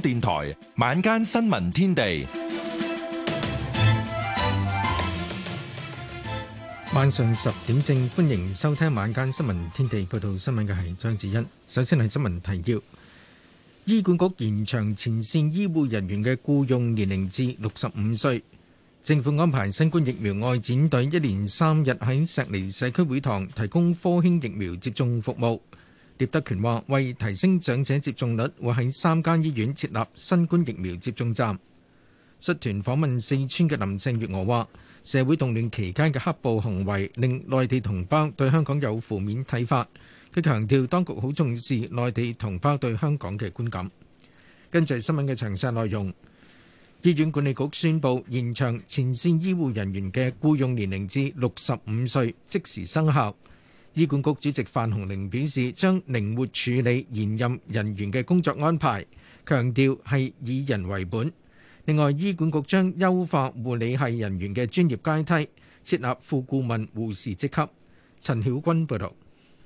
電台晚間新聞天地，晚上十點正，歡迎收聽晚間新聞天地。報道新聞嘅係張子欣。首先係新聞提要：醫管局延長前線醫護人員嘅雇傭年齡至六十五歲。政府安排新冠疫苗外展隊一連三日喺石籬社區會堂提供科興疫苗接種服務。聶德權話：為提升長者接種率，會喺三間醫院設立新冠疫苗接種站。率團訪問四川嘅林鄭月娥話：社會動亂期間嘅黑暴行為，令內地同胞對香港有負面睇法。佢強調，當局好重視內地同胞對香港嘅觀感。跟住新聞嘅詳細內容，醫院管理局宣布延長前線醫護人員嘅僱傭年齡至六十五歲，即時生效。醫管局主席范鴻齡表示，將靈活處理現任人員嘅工作安排，強調係以人為本。另外，醫管局將優化護理系人員嘅專業階梯，設立副顧問護士職級。陳曉君報道。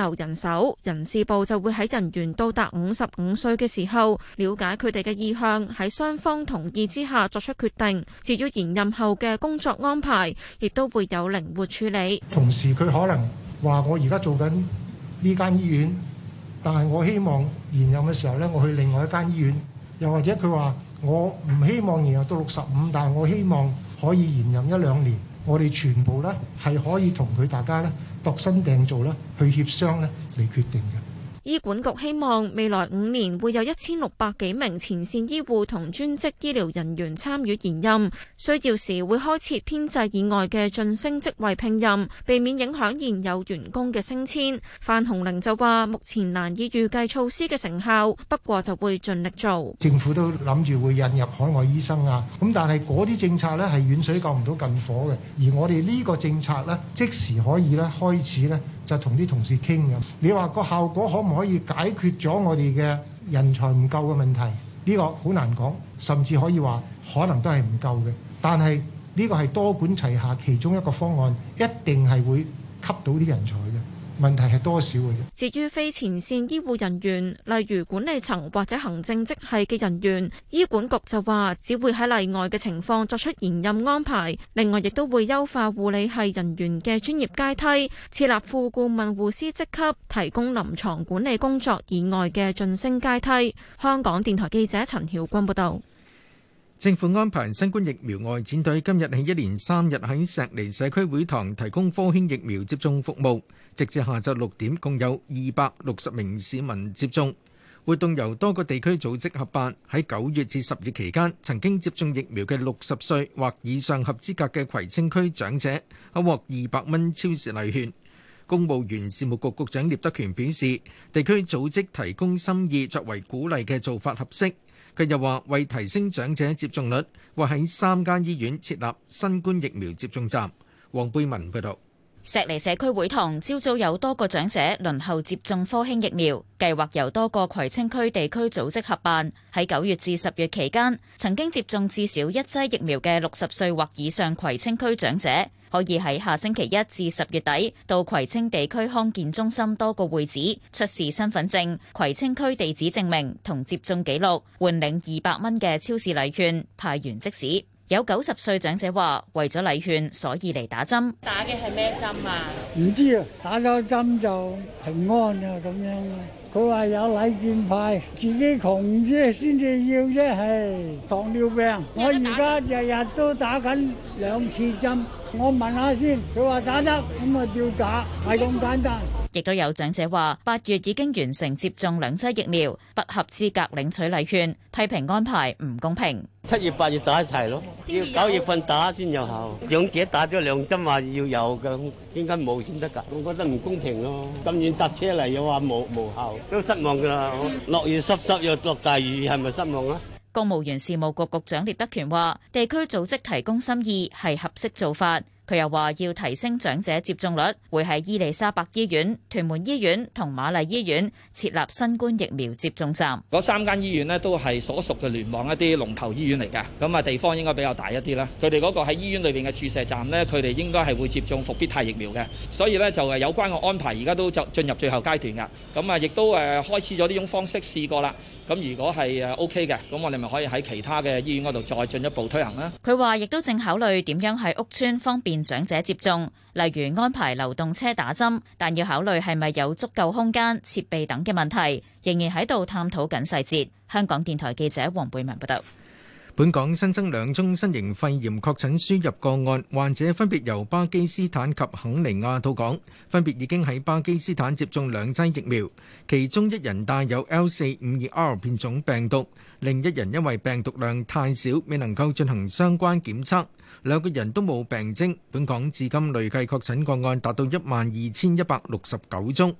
留人手，人事部就會喺人員到達五十五歲嘅時候，了解佢哋嘅意向，喺雙方同意之下作出決定。至於延任後嘅工作安排，亦都會有靈活處理。同時，佢可能話我而家做緊呢間醫院，但係我希望延任嘅時候咧，我去另外一間醫院。又或者佢話我唔希望延任到六十五，但係我希望可以延任一兩年。我哋全部咧係可以同佢大家咧。度身訂做啦，去協商咧嚟決定嘅。醫管局希望未來五年會有一千六百幾名前線醫護同專職醫療人員參與延任，需要時會開設編制以外嘅晉升職位聘任，避免影響現有員工嘅升遷。范鴻齡就話：目前難以預計措施嘅成效，不過就會盡力做。政府都諗住會引入海外醫生啊，咁但係嗰啲政策呢，係遠水救唔到近火嘅，而我哋呢個政策呢，即時可以咧開始咧。就同啲同事傾，咁，你話個效果可唔可以解決咗我哋嘅人才唔夠嘅問題，呢個好難講，甚至可以話可能都係唔夠嘅。但係呢個係多管齊下其中一個方案，一定係會吸到啲人才嘅。問題係多少嘅？至於非前線醫護人員，例如管理層或者行政職系嘅人員，醫管局就話，只會喺例外嘅情況作出延任安排。另外，亦都會優化護理系人員嘅專業階梯，設立副顧問護師職級，提供臨牀管理工作以外嘅晉升階梯。香港電台記者陳曉君報導。政府安排新冠疫苗外展隊今日起一連三日喺石籬社區會堂提供科興疫苗接種服務。直至下晝六點，共有二百六十名市民接種。活動由多個地區組織合辦。喺九月至十月期間，曾經接種疫苗嘅六十歲或以上合資格嘅葵青區長者，可獲二百蚊超市禮券。公務員事務局局長聶德權表示，地區組織提供心意作為鼓勵嘅做法合適。佢又話，為提升長者接種率，會喺三間醫院設立新冠疫苗接種站。黃貝文報道。石籬社區會堂朝早有多個長者輪候接種科興疫苗，計劃由多個葵青區地區組織合辦。喺九月至十月期間，曾經接種至少一劑疫苗嘅六十歲或以上葵青區長者，可以喺下星期一至十月底到葵青地區康健中心多個會址，出示身份證、葵青區地址證明同接種記錄，換領二百蚊嘅超市禮券，派完即止。有九十歲長者話：為咗禮券，所以嚟打針，啊。打嘅係咩針啊？唔知啊，打咗針就平安啊咁樣。佢話有禮券派，自己窮啫，先至要啫。係，糖尿病，我而家日日都打緊兩次針。我問下先，佢話打得咁啊照打，係咁簡單。亦都有長者話，八月已經完成接種兩劑疫苗，不合資格領取禮券，批評安排唔公平。七月八月打一齊咯，要九月份打先有效。長者打咗兩針話要有嘅，點解冇先得噶？我覺得唔公平咯。咁遠搭車嚟又話無無效，都失望噶啦。落雨濕濕又落大雨，係咪失望啊？公務員事務局局長聶德權話：地區組織提供心意係合適做法。佢又話要提升長者接種率，會喺伊利沙伯醫院、屯門醫院同瑪麗醫院設立新冠疫苗接種站。嗰三間醫院咧都係所屬嘅聯網一啲龍頭醫院嚟㗎，咁啊地方應該比較大一啲啦。佢哋嗰個喺醫院裏邊嘅注射站呢，佢哋應該係會接種復必泰疫苗嘅。所以咧就係有關嘅安排，而家都就進入最後階段㗎。咁啊亦都誒開始咗呢種方式試過啦。咁如果係誒 OK 嘅，咁我哋咪可以喺其他嘅醫院嗰度再進一步推行啦。佢話亦都正考慮點樣喺屋邨方便。長者接種，例如安排流動車打針，但要考慮係咪有足夠空間、設備等嘅問題，仍然喺度探討緊細節。香港電台記者黃貝文報道。本港新增兩宗新型肺炎確診輸入個案，患者分別由巴基斯坦及肯尼亞到港，分別已經喺巴基斯坦接種兩劑疫苗，其中一人帶有 L 四五二 R 變種病毒，另一人因為病毒量太少，未能夠進行相關檢測，兩個人都冇病徵。本港至今累計確診個案達到一萬二千一百六十九宗。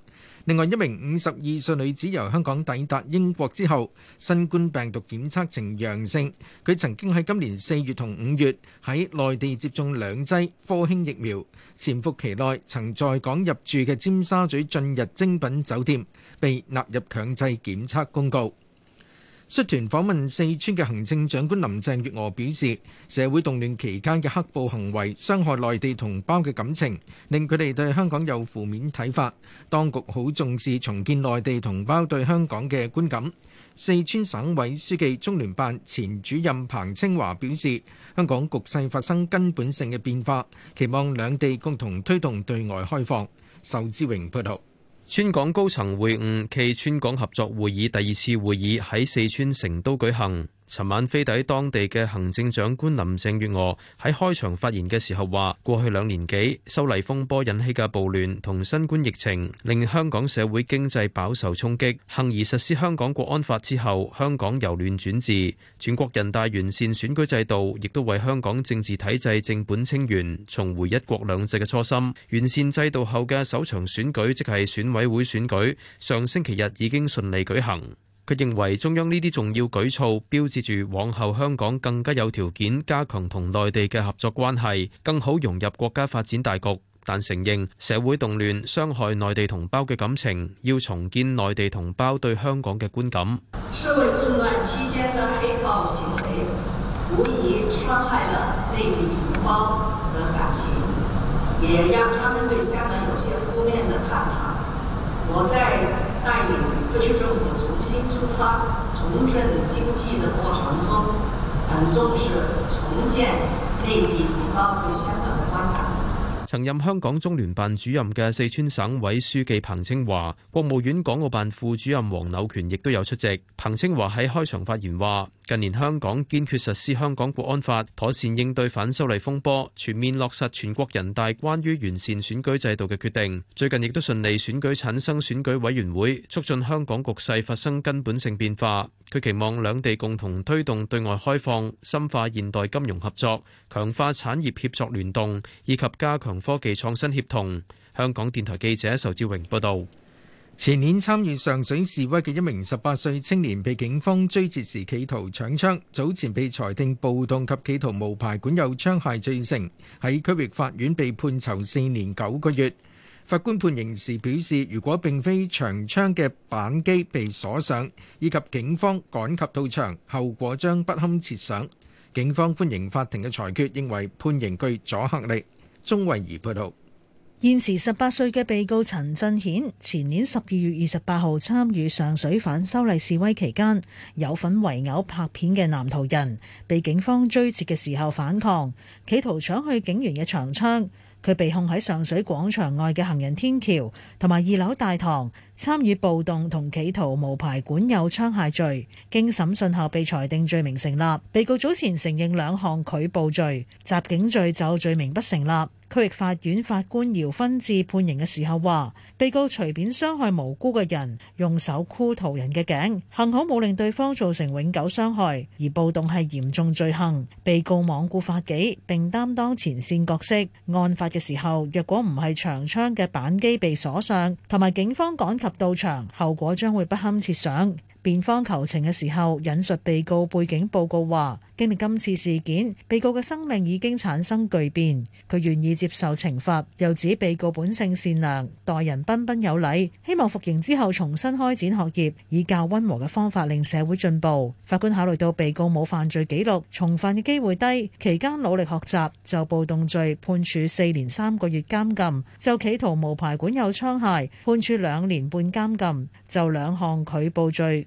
另外一名五十二歲女子由香港抵達英國之後，新冠病毒檢測呈陽性。佢曾經喺今年四月同五月喺內地接種兩劑科興疫苗，潛伏期內曾在港入住嘅尖沙咀進入精品酒店，被納入強制檢測公告。率團訪問四川嘅行政長官林鄭月娥表示，社會動亂期間嘅黑暴行為傷害內地同胞嘅感情，令佢哋對香港有負面睇法。當局好重視重建內地同胞對香港嘅觀感。四川省委書記、中聯辦前主任彭清華表示，香港局勢發生根本性嘅變化，期望兩地共同推動對外開放。仇志榮報道。川港高層會晤暨川港合作會議第二次會議喺四川成都舉行。尋晚飛抵當地嘅行政長官林鄭月娥喺開場發言嘅時候話：過去兩年幾修例風波引起嘅暴亂同新冠疫情，令香港社會經濟飽受衝擊。幸而實施香港國安法之後，香港由亂轉治。全國人大完善選舉制度，亦都為香港政治體制正本清源，重回一國兩制嘅初心。完善制度後嘅首場選舉，即係選委會選舉，上星期日已經順利舉行。佢認為中央呢啲重要舉措，標誌住往後香港更加有條件加強同內地嘅合作關係，更好融入國家發展大局。但承認社會動亂傷害內地同胞嘅感情，要重建內地同胞對香港嘅觀感。特區政府重新出發、重振經濟的過程中，很重視重建內地同胞的心靈關卡。曾任香港中聯辦主任嘅四川省委書記彭清華，國務院港澳辦副主任黃柳權亦都有出席。彭清華喺開場發言話。近年香港堅決實施《香港國安法》，妥善應對反修例風波，全面落實全國人大關於完善選舉制度嘅決定。最近亦都順利選舉產生選舉委員會，促進香港局勢發生根本性變化。佢期望兩地共同推動對外開放、深化現代金融合作、強化產業協作聯動以及加強科技創新協同。香港電台記者仇志榮報道。前年參與上水示威嘅一名十八歲青年，被警方追截時企圖搶槍，早前被裁定暴動及企圖無牌管有槍械罪成，喺區域法院被判囚四年九個月。法官判刑時表示，如果並非長槍嘅扳機被鎖上，以及警方趕及到場，後果將不堪設想。警方歡迎法庭嘅裁決，認為判刑具阻嚇力。鍾慧儀報導。現時十八歲嘅被告陳振顯，前年十二月二十八號參與上水反修例示威期間，有份圍毆拍片嘅男途人，被警方追截嘅時候反抗，企圖搶去警員嘅長槍。佢被控喺上水廣場外嘅行人天橋同埋二樓大堂，參與暴動同企圖無牌管有槍械罪，經審訊後被裁定罪名成立。被告早前承認兩項拒捕罪、襲警罪，就罪名不成立。區域法院法官姚勳智判刑嘅時候話，被告隨便傷害無辜嘅人，用手箍途人嘅頸，幸好冇令對方造成永久傷害。而暴動係嚴重罪行，被告罔顧法紀，並擔當前線角色。案發嘅時候，若果唔係長槍嘅扳機被鎖上，同埋警方趕及。到場，後果將會不堪設想。辯方求情嘅時候，引述被告背景報告話，經歷今次事件，被告嘅生命已經產生巨變，佢願意接受懲罰。又指被告本性善良，待人彬彬有禮，希望服刑之後重新開展學業，以較溫和嘅方法令社會進步。法官考慮到被告冇犯罪記錄，重犯嘅機會低，期間努力學習，就暴動罪判處四年三個月監禁；就企圖無牌管有槍械判處兩年半監禁；就兩項拒捕罪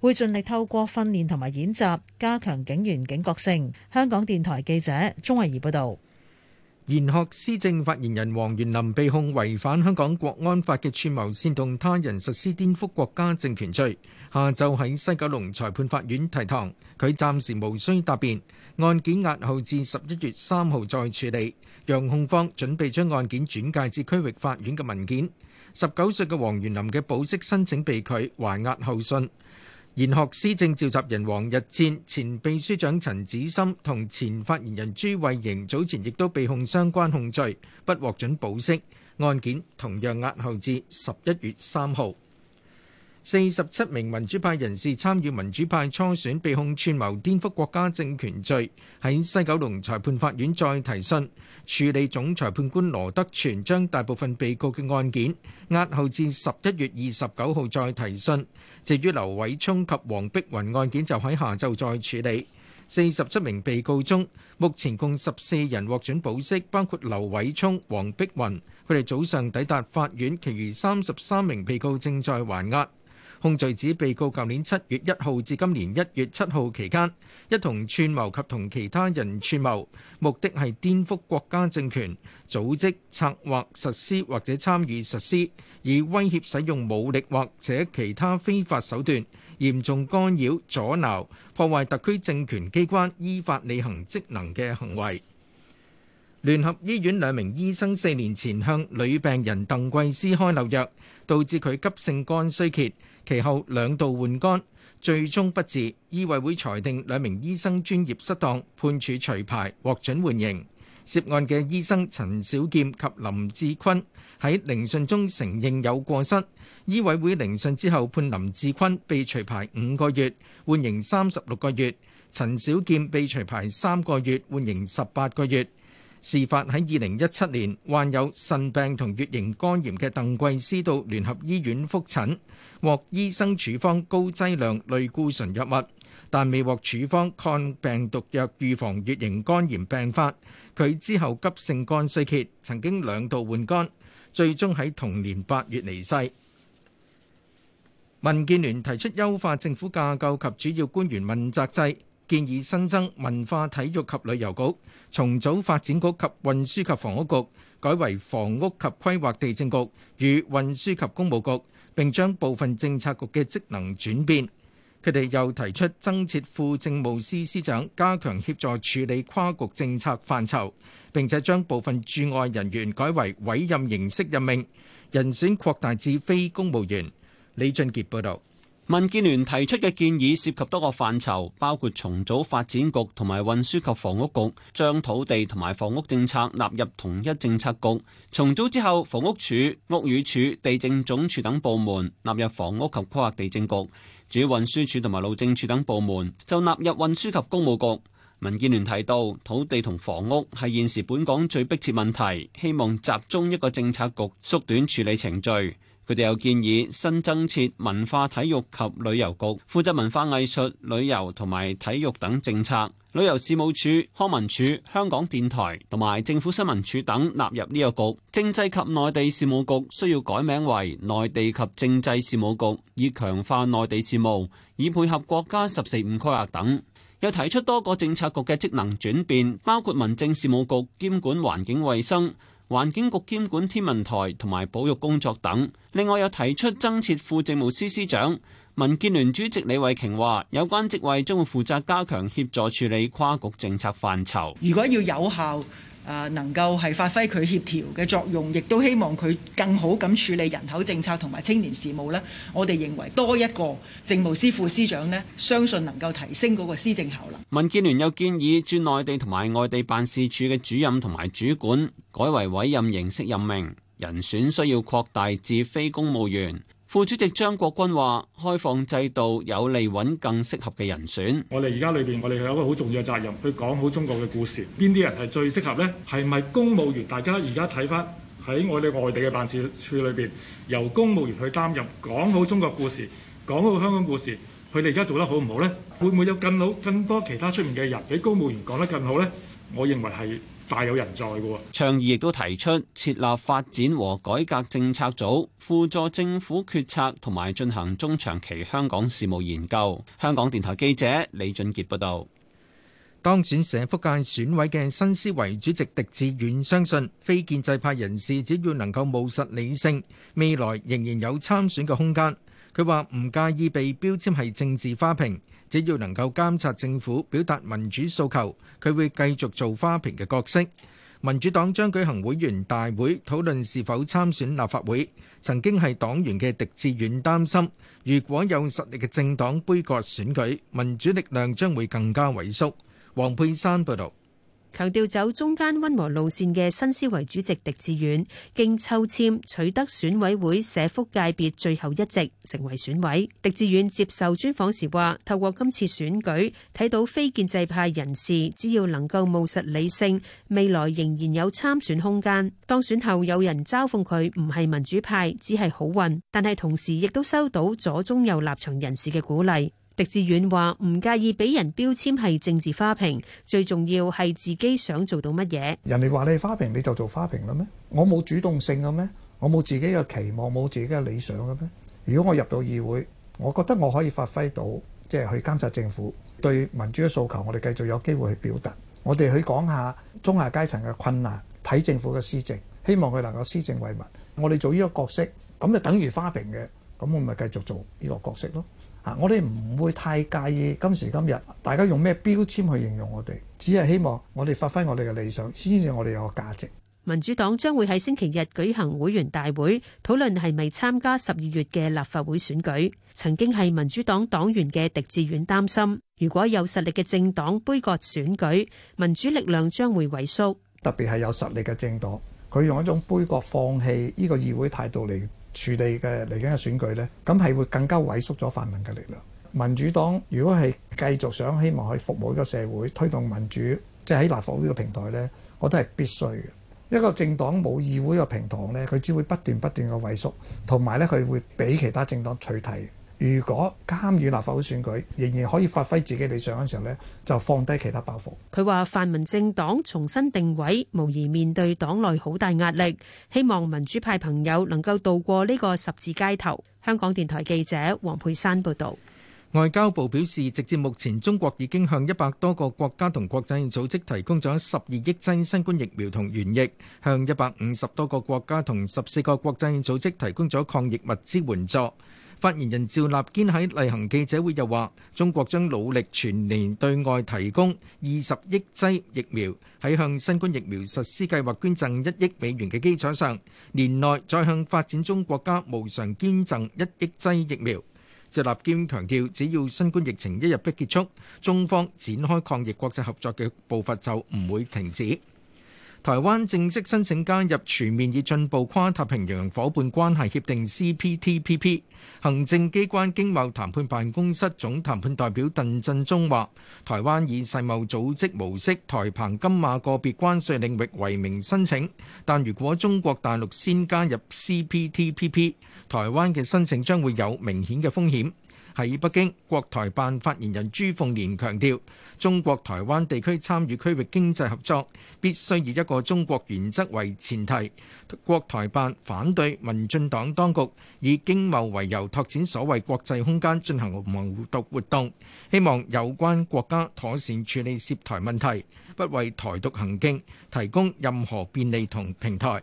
會盡力透過訓練同埋演習加強警員警覺性。香港電台記者鍾慧儀報導。賢學思政發言人黃元林被控違反香港國安法嘅串謀煽動他人實施顛覆國家政權罪，下晝喺西九龍裁判法院提堂。佢暫時無需答辯，案件押後至十一月三號再處理。讓控方準備將案件轉介至區域法院嘅文件。十九歲嘅黃元林嘅保釋申請被拒，還押候訊。賢學思政召集人王逸戰、前秘書長陳枳森同前發言人朱慧盈早前亦都被控相關控罪，不獲准保釋，案件同樣押後至十一月三號。四十七名民主派人士參與民主派初選，被控串謀顛覆國家政權罪，喺西九龍裁判法院再提訊。處理總裁判官羅德泉將大部分被告嘅案件押後至十一月二十九號再提訊。至於劉偉聰及黃碧雲案件，就喺下晝再處理。四十七名被告中，目前共十四人獲准保釋，包括劉偉聰、黃碧雲。佢哋早上抵達法院，其餘三十三名被告正在還押。控罪指被告舊年七月一號至今年一月七號期間，一同串謀及同其他人串謀，目的係顛覆國家政權，組織策劃實施或者參與實施，以威脅使用武力或者其他非法手段，嚴重干擾阻撓破壞特區政權機關依法履行職能嘅行為。聯合醫院兩名醫生四年前向女病人鄧桂思開漏藥。導致佢急性肝衰竭，其後兩度換肝，最終不治。醫委會裁定兩名醫生專業失當，判處除牌，獲准緩刑。涉案嘅醫生陳小健及林志坤喺聆訊中承認有過失。醫委會聆訊之後判林志坤被除牌五個月，緩刑三十六個月；陳小健被除牌三個月，緩刑十八個月。事發喺二零一七年，患有腎病同乙型肝炎嘅鄧桂斯到聯合醫院覆診，獲醫生處方高劑量類固醇藥物，但未獲處方抗病毒藥預防乙型肝炎病發。佢之後急性肝衰竭，曾經兩度換肝，最終喺同年八月離世。民建聯提出優化政府架構及主要官員問責制。建議新增文化體育及旅遊局，重組發展局及運輸及房屋局，改為房屋及規劃地政局與運輸及公務局，並將部分政策局嘅職能轉變。佢哋又提出增設副政務司司長，加強協助處理跨局政策範疇，並且將部分駐外人員改為委任形式任命，人選擴大至非公務員。李俊傑報導。民建聯提出嘅建議涉及多個範疇，包括重組發展局同埋運輸及房屋局，將土地同埋房屋政策納入同一政策局。重組之後，房屋署、屋宇署、地政總署等部門納入房屋及規劃地政局；主要運輸署同埋路政署等部門就納入運輸及工務局。民建聯提到，土地同房屋係現時本港最迫切問題，希望集中一個政策局，縮短處理程序。佢哋又建議新增設文化體育及旅遊局，負責文化藝術、旅遊同埋體育等政策；旅遊事務處、康文署、香港電台同埋政府新聞處等納入呢個局；政制及內地事務局需要改名為內地及政制事務局，以強化內地事務，以配合國家十四五規劃等。又提出多個政策局嘅職能轉變，包括民政事務局兼管環境衞生。環境局兼管天文台同埋保育工作等，另外又提出增設副政務司司長。民建聯主席李慧瓊話：有關職位將會負責加強協助處理跨局政策範疇。如果要有效。誒能夠係發揮佢協調嘅作用，亦都希望佢更好咁處理人口政策同埋青年事務呢，我哋認為多一個政務司副司長呢，相信能夠提升嗰個施政效能。民建聯又建議，駐內地同埋外地辦事處嘅主任同埋主管改為委任形式任命，人選需要擴大至非公務員。副主席張國軍話：開放制度有利揾更適合嘅人選。我哋而家裏邊，我哋有一個好重要嘅責任去講好中國嘅故事。邊啲人係最適合呢？係咪公務員？大家而家睇返喺我哋外地嘅辦事處裏邊，由公務員去擔任講好中國故事、講好香港故事。佢哋而家做得好唔好呢？會唔會有更好、更多其他出面嘅人比公務員講得更好呢？我認為係。大有人在嘅喎，倡議亦都提出設立發展和改革政策組，輔助政府決策同埋進行中長期香港事務研究。香港電台記者李俊杰報道。當選社福界選委嘅新思維主席狄志遠相信，非建制派人士只要能夠務實理性，未來仍然有參選嘅空間。佢話唔介意被標籤係政治花瓶。只要能夠監察政府、表達民主訴求，佢會繼續做花瓶嘅角色。民主黨將舉行會員大會討論是否參選立法會。曾經係黨員嘅狄志遠擔心，如果有實力嘅政黨杯葛選舉，民主力量將會更加萎縮。黃佩珊報導。強調走中間温和路線嘅新思維主席狄志遠，經抽簽取得選委會社福界別最後一席，成為選委。狄志遠接受專訪時話：透過今次選舉，睇到非建制派人士只要能夠務實理性，未來仍然有參選空間。當選後有人嘲諷佢唔係民主派，只係好運，但係同時亦都收到左中右立場人士嘅鼓勵。黎志遠話唔介意俾人標籤係政治花瓶，最重要係自己想做到乜嘢。人哋話你花瓶，你就做花瓶啦咩？我冇主動性嘅咩？我冇自己嘅期望，冇自己嘅理想嘅咩？如果我入到議會，我覺得我可以發揮到，即係去監察政府，對民主嘅訴求，我哋繼續有機會去表達。我哋去講下中下階層嘅困難，睇政府嘅施政，希望佢能夠施政為民。我哋做呢個角色，咁就等於花瓶嘅，咁我咪繼續做呢個角色咯。啊！我哋唔會太介意今時今日大家用咩標籤去形容我哋，只係希望我哋發揮我哋嘅理想，先至我哋有個價值。民主黨將會喺星期日舉行會員大會，討論係咪參加十二月嘅立法會選舉。曾經係民主黨黨員嘅狄志遠擔心，如果有實力嘅政黨杯葛選舉，民主力量將會萎縮。特別係有實力嘅政黨，佢用一種杯葛放棄呢個議會態度嚟處理嘅嚟緊嘅選舉呢，咁係會更加萎縮咗泛民嘅力量。民主黨如果係繼續想希望去服務呢個社會、推動民主，即係喺立法會嘅平台呢，我覺得係必須嘅。一個政黨冇議會嘅平台呢，佢只會不斷不斷嘅萎縮，同埋呢，佢會俾其他政黨取締。如果參與立法會選舉仍然可以發揮自己理想嘅時候咧，就放低其他包袱。佢話泛民政黨重新定位，無疑面對黨內好大壓力。希望民主派朋友能夠渡過呢個十字街頭。香港電台記者黃佩珊報導。外交部表示，直至目前，中國已經向一百多個國家同國際組織提供咗十二億劑新冠疫苗同原液，向一百五十多個國家同十四個國際組織提供咗抗疫物資援助。發言人趙立堅喺例行記者會又話：中國將努力全年對外提供二十億劑疫苗，喺向新冠疫苗實施計劃捐贈一億美元嘅基礎上，年內再向發展中國家無償捐贈一億劑疫苗。趙立堅強調，只要新冠疫情一日不結束，中方展開抗疫國際合作嘅步伐就唔會停止。台灣正式申請加入全面與進步跨太平洋夥伴關係協定 （CPTPP）。行政機關經貿談判辦公室總談判代表鄧振中話，台灣以世貿組織模式、台澎金馬個別關稅領域為名申請，但如果中國大陸先加入 CPTPP，台灣嘅申請將會有明顯嘅風險。喺北京，國台辦發言人朱鳳蓮強調，中國台灣地區參與區域經濟合作必須以一個中國原則為前提。國台辦反對民進黨當局以經貿為由拓展所謂國際空間進行謀獨活動，希望有關國家妥善處理涉台問題，不為台獨行徑提供任何便利同平台。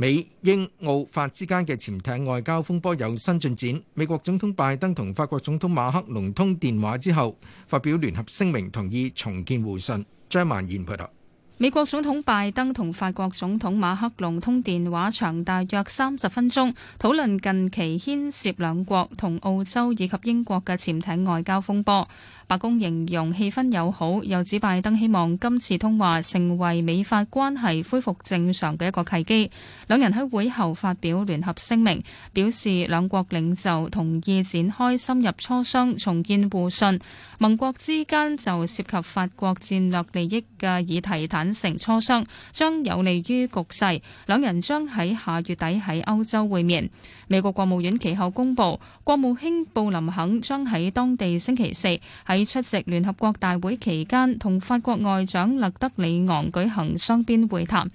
美英澳法之間嘅潛艇外交風波有新進展。美國總統拜登同法國總統馬克龍通電話之後，發表聯合聲明，同意重建互信。張曼燕報道。美國總統拜登同法國總統馬克龍通電話長大約三十分鐘，討論近期牽涉兩國同澳洲以及英國嘅潛艇外交風波。白宮形容氣氛友好，又指拜登希望今次通話成為美法關係恢復正常嘅一個契機。兩人喺會後發表聯合聲明，表示兩國領袖同意展開深入磋商，重建互信。盟國之間就涉及法國戰略利益嘅議題坦誠磋商，將有利於局勢。兩人將喺下月底喺歐洲會面。美國國務院其後公布，國務卿布林肯將喺當地星期四喺出席聯合國大會期間，同法國外長勒德里昂舉行雙邊會談。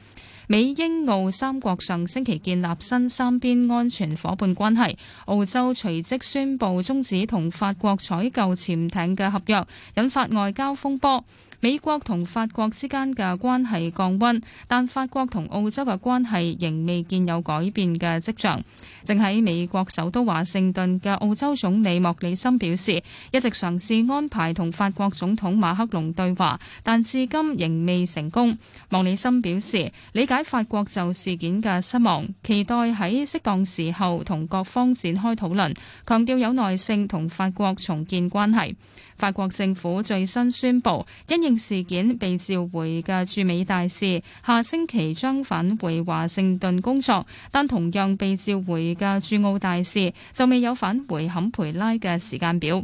美英澳三國上星期建立新三邊安全伙伴關係，澳洲隨即宣布中止同法國採購潛艇嘅合約，引發外交風波。美國同法國之間嘅關係降溫，但法國同澳洲嘅關係仍未見有改變嘅跡象。正喺美國首都華盛頓嘅澳洲總理莫里森表示，一直嘗試安排同法國總統馬克龍對話，但至今仍未成功。莫里森表示，理解法國就事件嘅失望，期待喺適當時候同各方展開討論，強調有耐性同法國重建關係。法國政府最新宣布，因應事件被召回嘅駐美大使下星期將返回華盛頓工作，但同樣被召回嘅駐澳大使就未有返回坎培拉嘅時間表。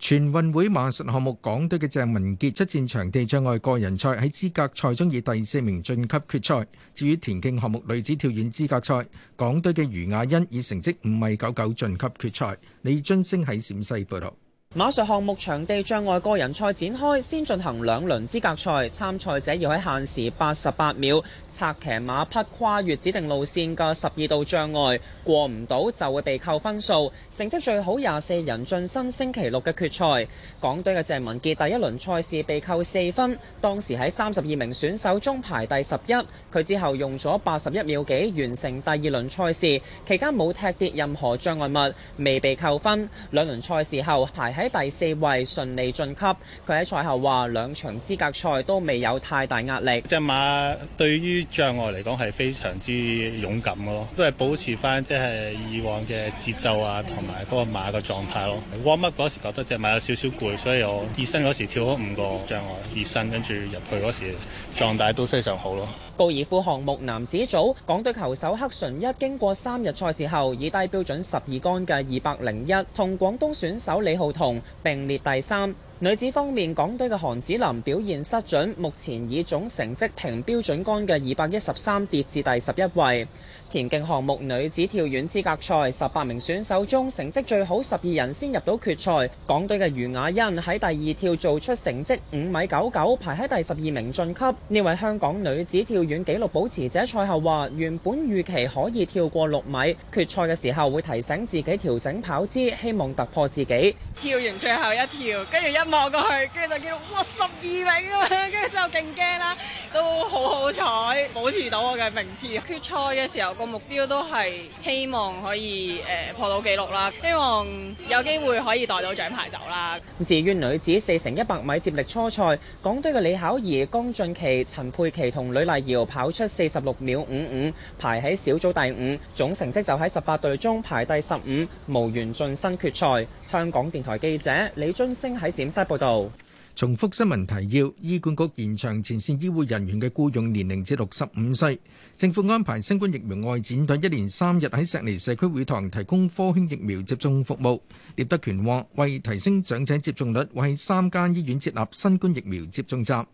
全運會馬術項目港隊嘅鄭文傑出戰場地障礙個人賽喺資格賽中以第四名晉級決賽。至於田徑項目女子跳遠資格賽，港隊嘅余雅欣以成績五米九九晉級決賽。李津升喺陝西報道。馬術項目場地障礙個人賽展開，先進行兩輪資格賽，參賽者要喺限時八十八秒策騎馬匹跨越指定路線嘅十二道障礙，過唔到就會被扣分數，成績最好廿四人晉身星期六嘅決賽。港隊嘅鄭文杰第一輪賽事被扣四分，當時喺三十二名選手中排第十一，佢之後用咗八十一秒幾完成第二輪賽事，期間冇踢跌任何障礙物，未被扣分。兩輪賽事後排。喺第四位順利晉級，佢喺賽後話兩場資格賽都未有太大壓力。隻馬對於障礙嚟講係非常之勇敢嘅咯，都係保持翻即係以往嘅節奏啊，同埋嗰個馬嘅狀態咯。warm up 嗰時覺得隻馬有少少攰，所以我熱身嗰時跳咗五個障礙熱身，跟住入去嗰時狀態都非常好咯。高爾夫項目男子組，港隊球手黑純一經過三日賽事後，以低標準十二桿嘅二百零一，同廣東選手李浩彤並列第三。女子方面，港隊嘅韓子琳表現失準，目前以總成績平標準桿嘅二百一十三，跌至第十一位。田徑項目女子跳遠資格賽十八名選手中成績最好十二人先入到決賽，港隊嘅余雅欣喺第二跳做出成績五米九九，排喺第十二名晉級。呢位香港女子跳遠紀錄保持者賽後話，原本預期可以跳過六米，決賽嘅時候會提醒自己調整跑姿，希望突破自己。跳完最後一跳，跟住一，望過去，跟住就見到哇十二名啊！跟住之後勁驚啦，都好好彩，保持到我嘅名次。決賽嘅時候，個目標都係希望可以誒、呃、破到紀錄啦，希望有機會可以帶到獎牌走啦。至於女子四乘一百米接力初賽，港隊嘅李巧兒、江俊琪、陳佩琪同呂麗瑤跑出四十六秒五五，排喺小組第五，總成績就喺十八隊中排第十五，無緣晉身決賽。香港電台記者李津升喺陝西報道。重複新聞提要：醫管局延長前線醫護人員嘅雇傭年齡至六十五歲。政府安排新冠疫苗外展隊一連三日喺石籬社區會堂提供科興疫苗接種服務。聶德權話：為提升長者接種率，為三間醫院設立新冠疫苗接種站。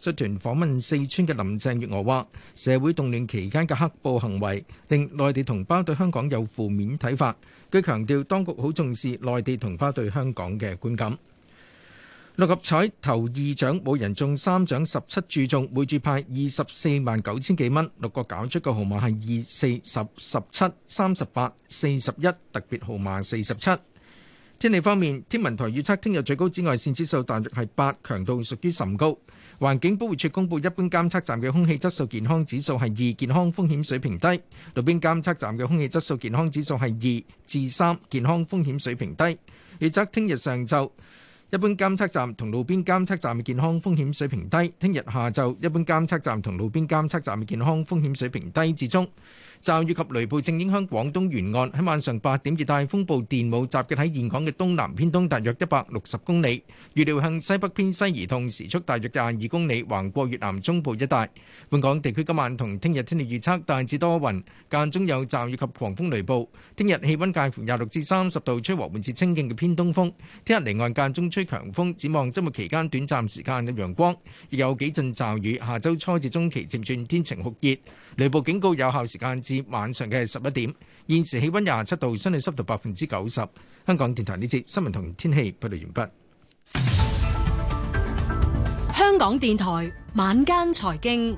出團訪問四川嘅林鄭月娥話：社會動亂期間嘅黑暴行為，令內地同胞對香港有負面睇法。佢強調，當局好重視內地同胞對香港嘅觀感。六合彩頭二獎冇人中三獎十七注中，每注派二十四萬九千幾蚊。六個攪出個號碼係二四十十七三十八四十一，特別號碼四十七。天氣方面，天文台預測聽日最高紫外線指數大約係八，強度屬於甚高。環境保護署公布一般監測站嘅空氣質素健康指數係二，健康風險水平低；路邊監測站嘅空氣質素健康指數係二至三，健康風險水平低。預測聽日上晝一般監測站同路邊監測站嘅健康風險水平低；聽日下晝一般監測站同路邊監測站嘅健康風險水平低至中。驟雨及雷暴正影響廣東沿岸，喺晚上八點熱帶風暴電母集結喺現港嘅東南偏東，大約一百六十公里，預料向西北偏西移動，時速大約廿二公里，橫過越南中部一帶。本港地區今晚同聽日天氣預測大致多雲，間中有驟雨及狂風雷暴。聽日氣温介乎廿六至三十度，吹和緩至清勁嘅偏東風。聽日離岸間中吹強風，展望周末期間短暫時間嘅陽光，亦有幾陣驟雨。下周初至中期漸轉天晴酷熱。雷暴警告有效時間。至晚上嘅十一點，現時氣温廿七度，相對濕度百分之九十。香港電台呢節新聞同天氣報道完畢。香港電台晚間財經，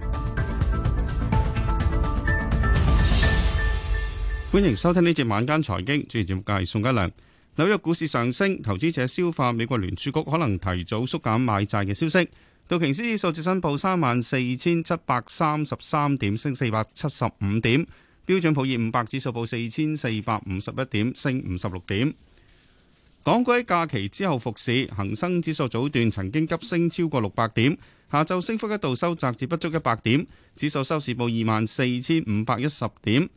歡迎收聽呢節晚間財經。主持節目嘅係宋家良。紐約股市上升，投資者消化美國聯儲局可能提早縮減買債嘅消息。道瓊斯指數升報三萬四千七百三十三點，升四百七十五點；標準普爾五百指數報四千四百五十一點，升五十六點。港股喺假期之後復市，恒生指數早段曾經急升超過六百點，下晝升幅一度收窄至不足一百點，指數收市報二萬四千五百一十點，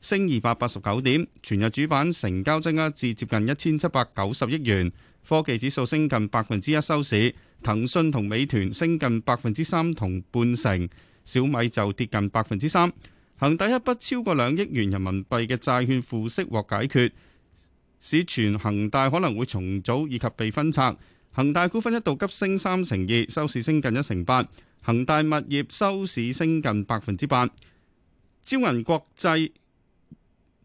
升二百八十九點。全日主板成交增加至接近一千七百九十億元，科技指數升近百分之一收市。騰訊同美團升近百分之三同半成，小米就跌近百分之三。恒大一筆超過兩億元人民幣嘅債券付息獲解決，市傳恒大可能會重組以及被分拆。恒大股份一度急升三成二，收市升近一成八。恒大物業收市升近百分之八。招銀國際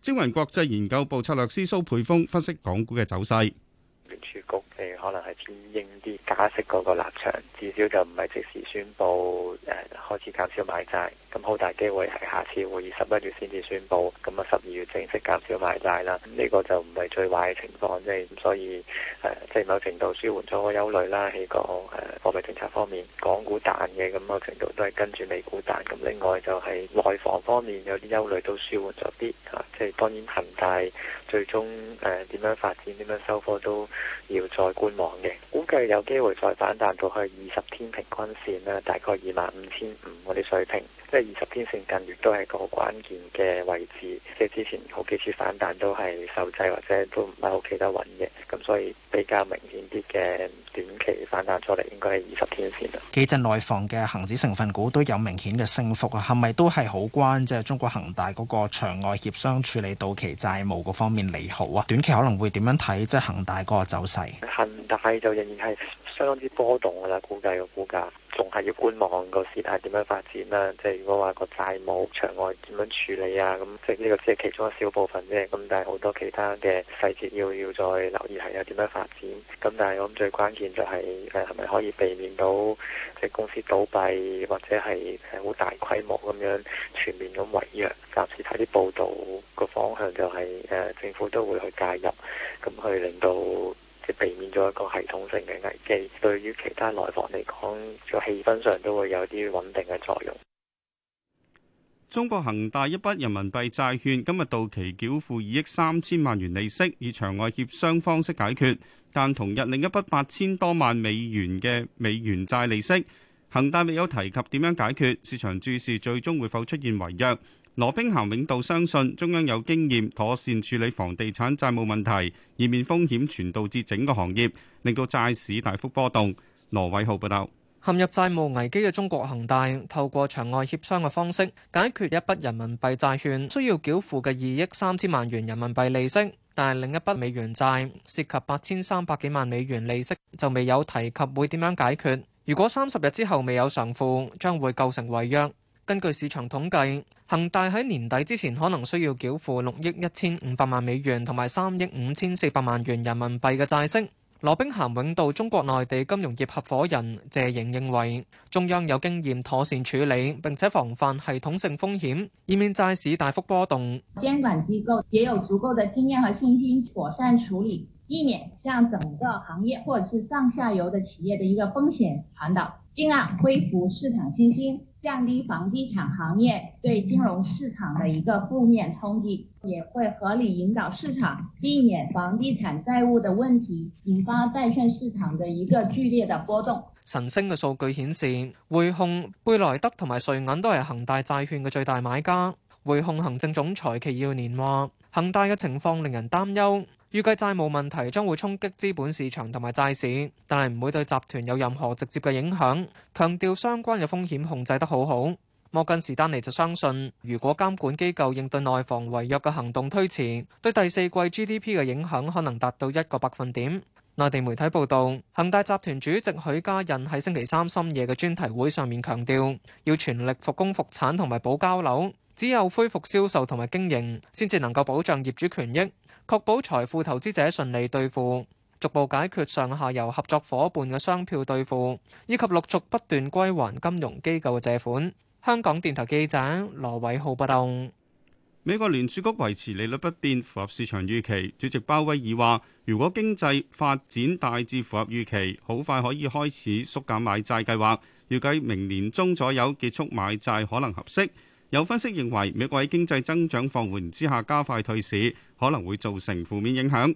招銀國際研究部策略師蘇佩峰分析港股嘅走勢。聯儲局譬如可能係偏鷹啲加息嗰個立場，至少就唔係即時宣布誒、呃、開始減少買債。咁好大機會係下次會議十一月先至宣佈，咁啊十二月正式減少買債啦。呢、這個就唔係最壞嘅情況、呃，即係咁所以誒，即係某程度舒緩咗個憂慮啦。喺個誒、呃、貨幣政策方面，港股彈嘅咁某程度都係跟住美股彈。咁另外就係內房方面有啲憂慮都舒緩咗啲嚇。即係當然恒大最終誒點樣發展點樣收貨都要再觀望嘅。估計有機會再反彈到去二十天平均線啦，大概二萬五千五嗰啲水平。即係二十天線近月都係個好關鍵嘅位置，即係之前好幾次反彈都係受制或者都唔係好企得穩嘅，咁所以比較明顯啲嘅短期反彈出嚟應該係二十天線啦。幾隻內房嘅恒指成分股都有明顯嘅升幅啊，係咪都係好關即係中國恒大嗰個場外協商處理到期債務嗰方面利好啊？短期可能會點樣睇即係恒大嗰個走勢？恒大就仍然係。相當之波動㗎啦，估計個股價仲係要觀望個事態點樣發展啦。即係如果話個債務場外點樣處理啊，咁即係呢個即係其中一小部分啫。咁但係好多其他嘅細節要要再留意係有點樣發展。咁但係我諗最關鍵就係誒係咪可以避免到即係公司倒閉或者係誒好大規模咁樣全面咁違約。暫時睇啲報道個方向就係誒政府都會去介入，咁去令到，避免咗一個系統性嘅危機，對於其他內房嚟講，個氣氛上都會有啲穩定嘅作用。中國恒大一筆人民幣債券今日到期繳付二億三千萬元利息，以場外協商方式解決，但同日另一筆八千多萬美元嘅美元債利息，恒大未有提及點樣解決，市場注視最終會否出現違約。羅兵咸永道相信中央有經驗妥善處理房地產債務問題，以免風險傳導至整個行業，令到債市大幅波動。羅偉浩報道，陷入債務危機嘅中國恒大，透過場外協商嘅方式解決一筆人民幣債券需要繳付嘅二億三千萬元人民幣利息，但係另一筆美元債涉及八千三百幾萬美元利息就未有提及會點樣解決，如果三十日之後未有償付，將會構成違約。根據市場統計，恒大喺年底之前可能需要繳付六億一千五百萬美元同埋三億五千四百萬元人民幣嘅債息。羅兵咸永道中國內地金融業合伙人謝瑩認為，中央有經驗妥善處理並且防範系統性風險，以免債市大幅波動。避免向整個行業或者是上下游的企業的一個風險傳導，盡量恢復市場信心，降低房地產行業對金融市場的一個負面衝擊，也會合理引導市場，避免房地產債，債務的問題引發債券市場的一個劇烈的波動。晨星嘅數據顯示，匯控、貝萊德同埋瑞銀都係恒大債券嘅最大買家。匯控行政總裁祁耀年話：恒大嘅情況令人擔憂。預計債務問題將會衝擊資本市場同埋債市，但係唔會對集團有任何直接嘅影響。強調相關嘅風險控制得好好。摩根士丹利就相信，如果監管機構應對內房違約嘅行動推遲，對第四季 GDP 嘅影響可能達到一個百分點。內地媒體報道，恒大集團主席許家印喺星期三深夜嘅專題會上面強調，要全力復工復產同埋保交樓，只有恢復銷售同埋經營，先至能夠保障業主權益。確保財富投資者順利兌付，逐步解決上下游合作伙伴嘅商票兌付，以及陸續不斷歸還金融機構嘅借款。香港電台記者羅偉浩報道。美國聯儲局維持利率不變，符合市場預期。主席鮑威爾話：如果經濟發展大致符合預期，好快可以開始縮減買債計劃。預計明年中左右結束買債可能合適。有分析認為，美國喺經濟增長放緩之下加快退市，可能會造成負面影響。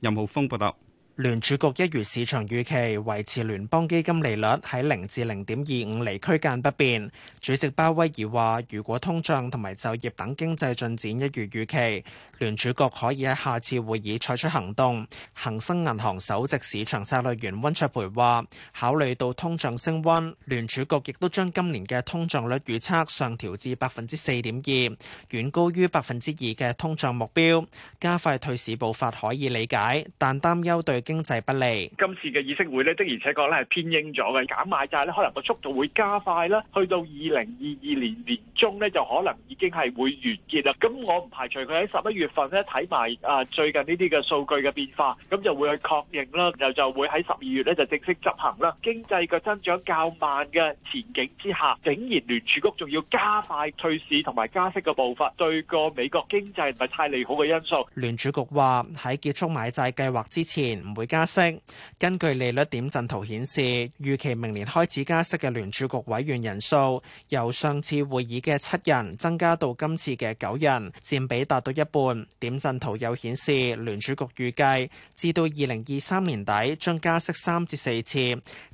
任浩峰報道。聯儲局一如市場預期，維持聯邦基金利率喺零至零點二五厘區間不變。主席鮑威爾話，如果通脹同埋就業等經濟進展一如預期，聯儲局可以喺下次會議採取行動。恒生銀行首席市場策略員溫卓培話，考慮到通脹升温，聯儲局亦都將今年嘅通脹率預測上調至百分之四點二，遠高於百分之二嘅通脹目標。加快退市步伐可以理解，但擔憂對。經濟不利，今次嘅議息會呢，的而且確咧係偏鷹咗嘅，減買債呢，可能個速度會加快啦，去到二零二二年年中呢，就可能已經係會完結啦。咁我唔排除佢喺十一月份呢，睇埋啊最近呢啲嘅數據嘅變化，咁就會去確認啦，然後就會喺十二月呢就正式執行啦。經濟嘅增長較慢嘅前景之下，竟然聯儲局仲要加快退市同埋加息嘅步伐，對個美國經濟唔係太利好嘅因素。聯儲局話喺結束買債計劃之前。唔會加息。根據利率點陣圖顯示，預期明年開始加息嘅聯儲局委員人數由上次會議嘅七人增加到今次嘅九人，佔比達到一半。點陣圖又顯示聯儲局預計至到二零二三年底將加息三至四次，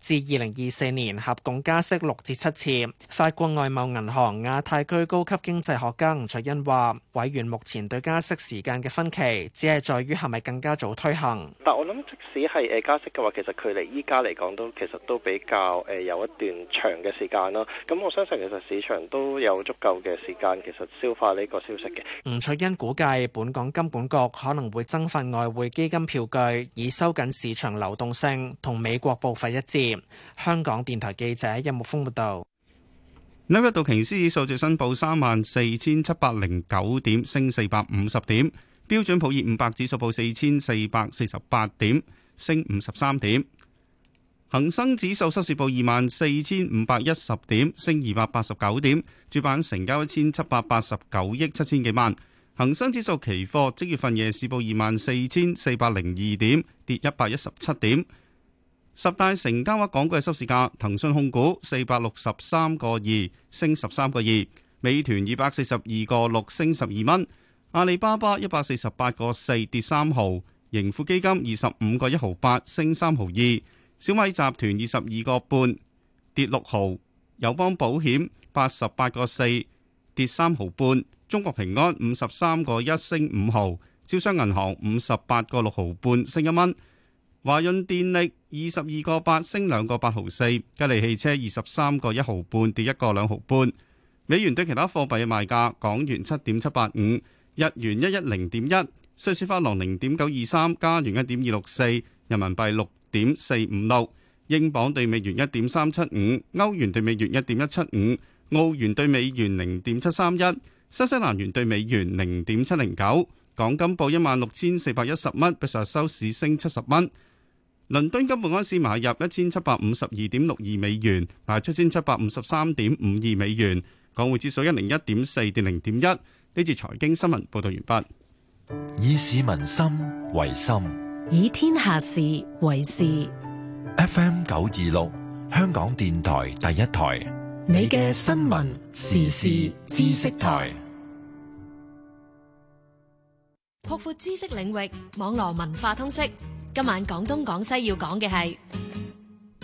至二零二四年合共加息六至七次。法國外貿銀行亞太區高級經濟學家吳卓欣話：委員目前對加息時間嘅分歧，只係在於係咪更加早推行。但我諗。即使係誒加息嘅話，其實佢離依家嚟講都其實都比較誒有一段長嘅時間咯。咁我相信其實市場都有足夠嘅時間，其實消化呢個消息嘅。吳翠欣估計，本港金管局可能會增發外匯基金票據，以收緊市場流動性，同美國步伐一致。香港電台記者任木峯報道。紐約道瓊斯指數收報三萬四千七百零九點，升四百五十點。標準普爾五百指數報四千四百四十八點，升五十三點。恒生指數收市報二萬四千五百一十點，升二百八十九點。主板成交一千七百八十九億七千幾萬。恒生指數期貨即月份夜市報二萬四千四百零二點，跌一百一十七點。十大成交額港股嘅收市價，騰訊控股四百六十三個二，升十三個二；美團二百四十二個六，升十二蚊。阿里巴巴一百四十八個四跌三毫，盈富基金二十五個一毫八升三毫二，小米集團二十二個半跌六毫，友邦保險八十八個四跌三毫半，中國平安五十三個一升五毫，招商銀行五十八個六毫半升一蚊，華潤電力二十二個八升兩個八毫四，吉利汽車二十三個一毫半跌一個兩毫半，美元對其他貨幣嘅賣價，港元七點七八五。日元一一零點一，瑞士法郎零點九二三，加元一點二六四，人民幣六點四五六，英鎊對美元一點三七五，歐元對美元一點一七五，澳元對美元零點七三一，新西蘭元對美元零點七零九。港金報一萬六千四百一十蚊，比上日收市升七十蚊。倫敦金每安士買入一千七百五十二點六二美元，賣出千七百五十三點五二美元。港匯指數一零一點四跌零點一。呢次財經新聞報道完畢，以市民心為心，以天下事為事。F. M. 九二六，香港電台第一台，你嘅新聞時事知識台，擴闊知識領域，網絡文化通識。今晚講東講西要講嘅係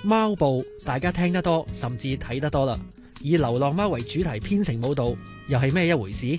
貓步，大家聽得多，甚至睇得多啦。以流浪貓為主題編成舞蹈，又係咩一回事？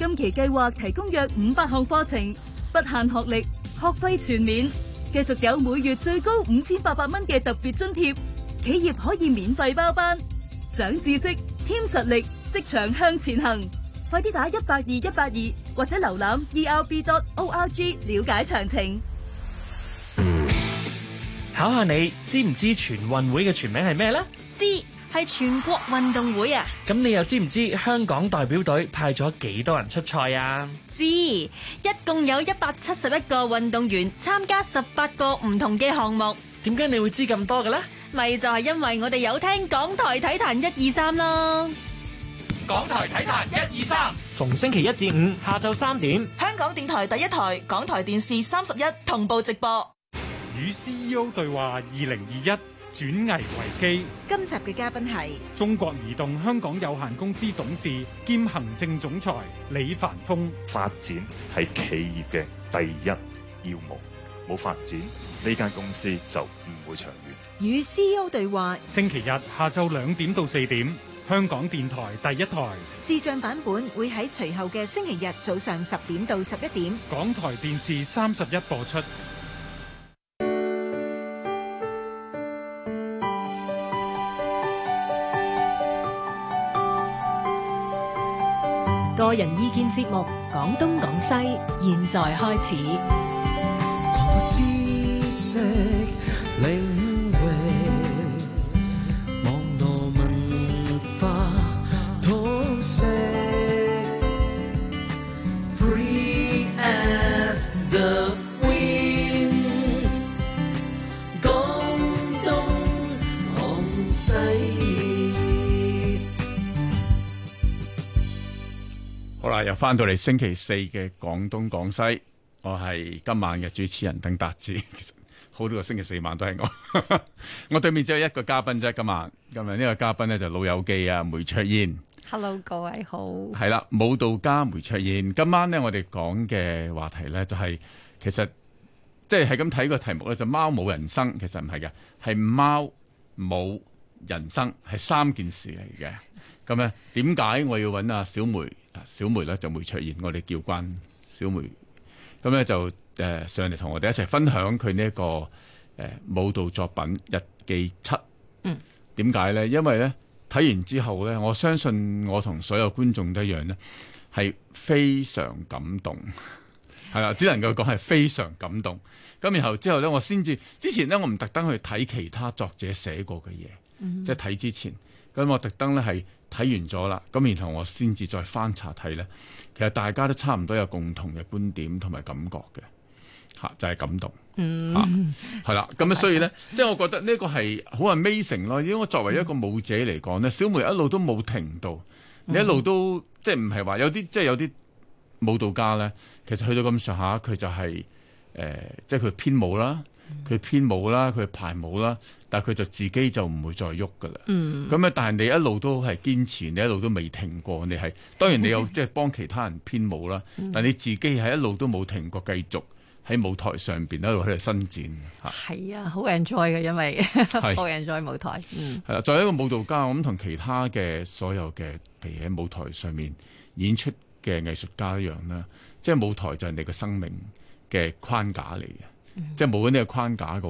今期計劃提供約五百項課程，不限學歷，學費全免，繼續有每月最高五千八百蚊嘅特別津貼。企業可以免費包班，長知識，添實力，職場向前行。快啲打一百二一百二，或者瀏覽 ELB.org 了解詳情。考下你知唔知全運會嘅全名係咩呢？知。係全國運動會啊！咁你又知唔知香港代表隊派咗幾多人出賽啊？知，一共有一百七十一個運動員參加十八個唔同嘅項目。點解你會知咁多嘅呢？咪就係因為我哋有聽港台體壇一二三囉。港台體壇一二三，逢星期一至五下晝三點，香港電台第一台，港台電視三十一同步直播。與 CEO 對話二零二一。轉危為機。今集嘅嘉賓係中國移動香港有限公司董事兼行政總裁李凡峰。發展係企業嘅第一要務，冇發展，呢間公司就唔會長遠。與 C E O 對話，星期日下晝兩點到四點，香港電台第一台視像版本會喺隨後嘅星期日早上十點到十一點，港台電視三十一播出。個人意見節目《廣東廣西》，現在開始。 又翻到嚟星期四嘅廣東廣西，我係今晚嘅主持人鄧達志。其實好多個星期四晚都係我。 我對面只有一個嘉賓啫，咁啊，今日呢個嘉賓咧就老友記啊梅卓燕。Hello，各位好。係啦，舞蹈家梅卓燕。今晚咧，晚晚晚晚晚晚晚晚晚我哋講嘅話題咧就係、是、其實即係係咁睇個題目咧就貓、是、冇人生，其實唔係嘅，係貓母人生係三件事嚟嘅。咁咧，點解我要揾阿小梅？小梅呢，就會出現，我哋叫關小梅，咁咧就誒上嚟同我哋一齊分享佢呢一個誒舞蹈作品《日記七》。嗯，點解呢？因為呢，睇完之後呢，我相信我同所有觀眾一樣呢，係非常感動，係 啦、啊，只能夠講係非常感動。咁然後之後呢，我先至之前呢，我唔特登去睇其他作者寫過嘅嘢，即係睇之前，咁我特登呢係。睇完咗啦，咁然後我先至再翻查睇咧，其實大家都差唔多有共同嘅觀點同埋感覺嘅，嚇就係、是、感動，嚇係啦。咁啊， 所以咧， 即係我覺得呢個係好 Amazing 咯，因為我作為一個舞者嚟講咧，嗯、小梅一路都冇停到，你一路都即係唔係話有啲即係有啲舞蹈家咧，其實去到咁上下佢就係、是、誒、呃，即係佢編舞啦，佢、嗯、編舞啦，佢排舞啦。但係佢就自己就唔會再喐噶啦。咁啊、嗯，但係你一路都係堅持，你一路都未停過。你係當然你有即係幫其他人編舞啦，嗯、但係你自己係一路都冇停過，繼續喺舞台上邊一路喺度伸展。係、嗯、啊，好 enjoy 嘅，因為好 enjoy 是 舞台。係、嗯、啦、啊，作為一個舞蹈家，我諗同其他嘅所有嘅譬如喺舞台上面演出嘅藝術家一樣啦，即、就、係、是、舞台就係你嘅生命嘅框架嚟嘅，嗯、即係冇緊呢個框架個。